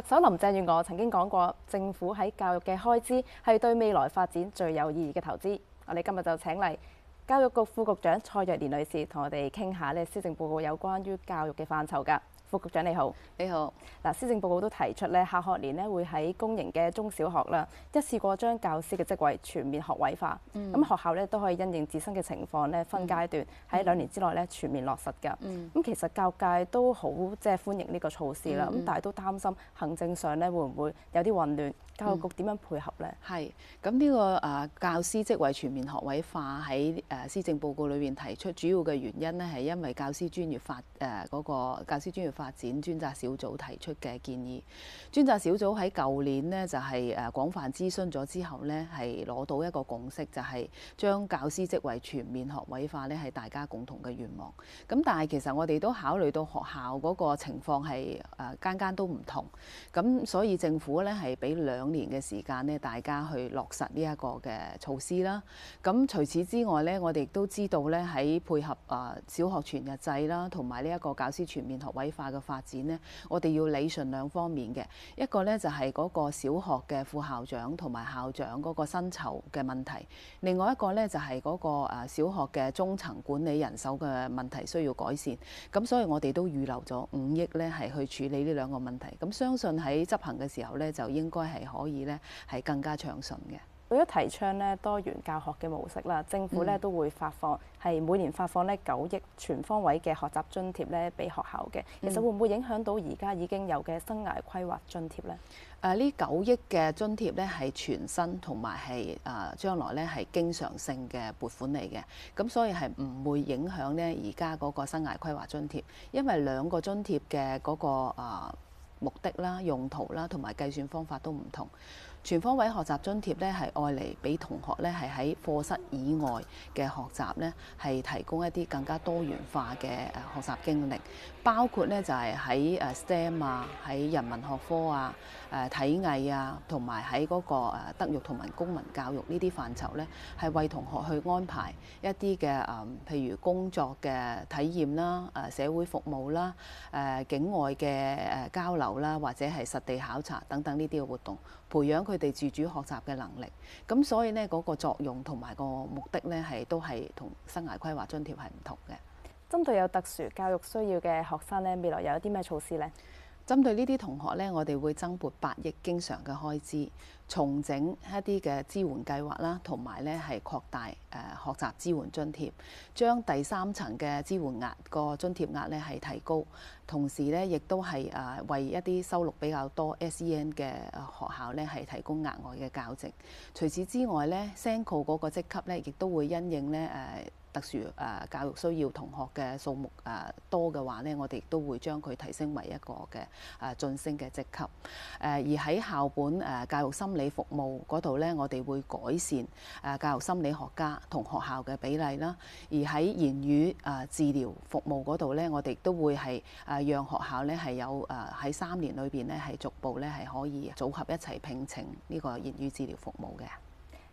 特首林鄭月娥曾經講過，政府喺教育嘅開支係對未來發展最有意義嘅投資。我哋今日就請嚟教育局副局長蔡若蓮女士同我哋傾下呢施政報告有關於教育嘅範疇㗎。副局長你好，你好。嗱，施政報告都提出咧，下學年咧會喺公營嘅中小學啦，一次過將教師嘅職位全面學位化。咁、嗯、學校咧都可以因應自身嘅情況咧，分階段喺兩、嗯、年之內咧全面落實㗎。咁、嗯、其實教界都好即係歡迎呢個措施啦。咁、嗯、但係都擔心行政上咧會唔會有啲混亂，教育局點樣配合咧？係、嗯。咁呢、呢個誒、呃、教師職位全面學位化喺誒施政報告裏面提出，主要嘅原因咧係因為教師專業法誒嗰個教師專業。發展專責小組提出嘅建議，專責小組喺舊年呢，就係、是、誒廣泛諮詢咗之後呢，係攞到一個共識，就係、是、將教師職位全面學位化呢係大家共同嘅願望。咁但係其實我哋都考慮到學校嗰個情況係誒、啊、間間都唔同，咁所以政府呢，係俾兩年嘅時間呢，大家去落實呢一個嘅措施啦。咁除此之外呢，我哋亦都知道呢，喺配合、啊、小學全日制啦，同埋呢一個教師全面學位化。嘅發展咧，我哋要理順兩方面嘅一個咧，就係嗰個小學嘅副校長同埋校長嗰個薪酬嘅問題；另外一個咧，就係嗰個誒小學嘅中層管理人手嘅問題需要改善。咁所以我哋都預留咗五億咧，係去處理呢兩個問題。咁相信喺執行嘅時候咧，就應該係可以咧係更加暢順嘅。為咗提倡咧多元教學嘅模式啦，政府咧都會發放係、嗯、每年發放咧九億全方位嘅學習津貼咧俾學校嘅、嗯。其實會唔會影響到而家已經有嘅生涯規劃津貼呢？誒，呢九億嘅津貼咧係全新同埋係誒將來咧係經常性嘅撥款嚟嘅，咁所以係唔會影響咧而家嗰個生涯規劃津貼，因為兩個津貼嘅嗰個目的啦、用途啦同埋計算方法都唔同。全方位學習津貼咧，係愛嚟俾同學咧，係喺課室以外嘅學習咧，係提供一啲更加多元化嘅誒學習經歷，包括咧就係喺誒 STEM 啊，喺人文學科啊，誒體藝啊，同埋喺嗰個誒德育同埋公民教育呢啲範疇咧，係為同學去安排一啲嘅誒譬如工作嘅體驗啦、誒社會服務啦、誒境外嘅誒交流啦，或者係實地考察等等呢啲嘅活動，培養佢哋自主學習嘅能力，咁所以呢嗰個作用同埋個目的呢，係都係同生涯規劃津貼係唔同嘅。針對有特殊教育需要嘅學生呢，未來有一啲咩措施呢？針對呢啲同學呢，我哋會增撥八億經常嘅開支，重整一啲嘅支援計劃啦，同埋呢係擴大、呃、學習支援津貼，將第三層嘅支援額個津貼額呢係提高，同時呢亦都係誒、呃、為一啲收錄比較多 SEN 嘅學校呢係提供額外嘅教職。除此之外呢 SENCO 嗰個職級呢亦都會因應呢，呃特殊誒教育需要同學嘅數目誒多嘅話，咧，我哋都會將佢提升為一個嘅誒晉升嘅職級。誒。而喺校本誒教育心理服務嗰度咧，我哋會改善誒教育心理學家同學校嘅比例啦。而喺言語誒治療服務嗰度咧，我哋都會係誒讓學校咧係有誒喺三年裏邊咧係逐步咧係可以組合一齊聘請呢個言語治療服務嘅。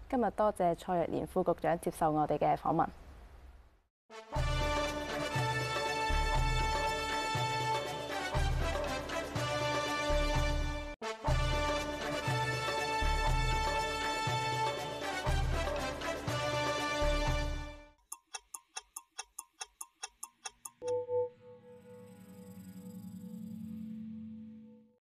今日多謝蔡若蓮副局長接受我哋嘅訪問。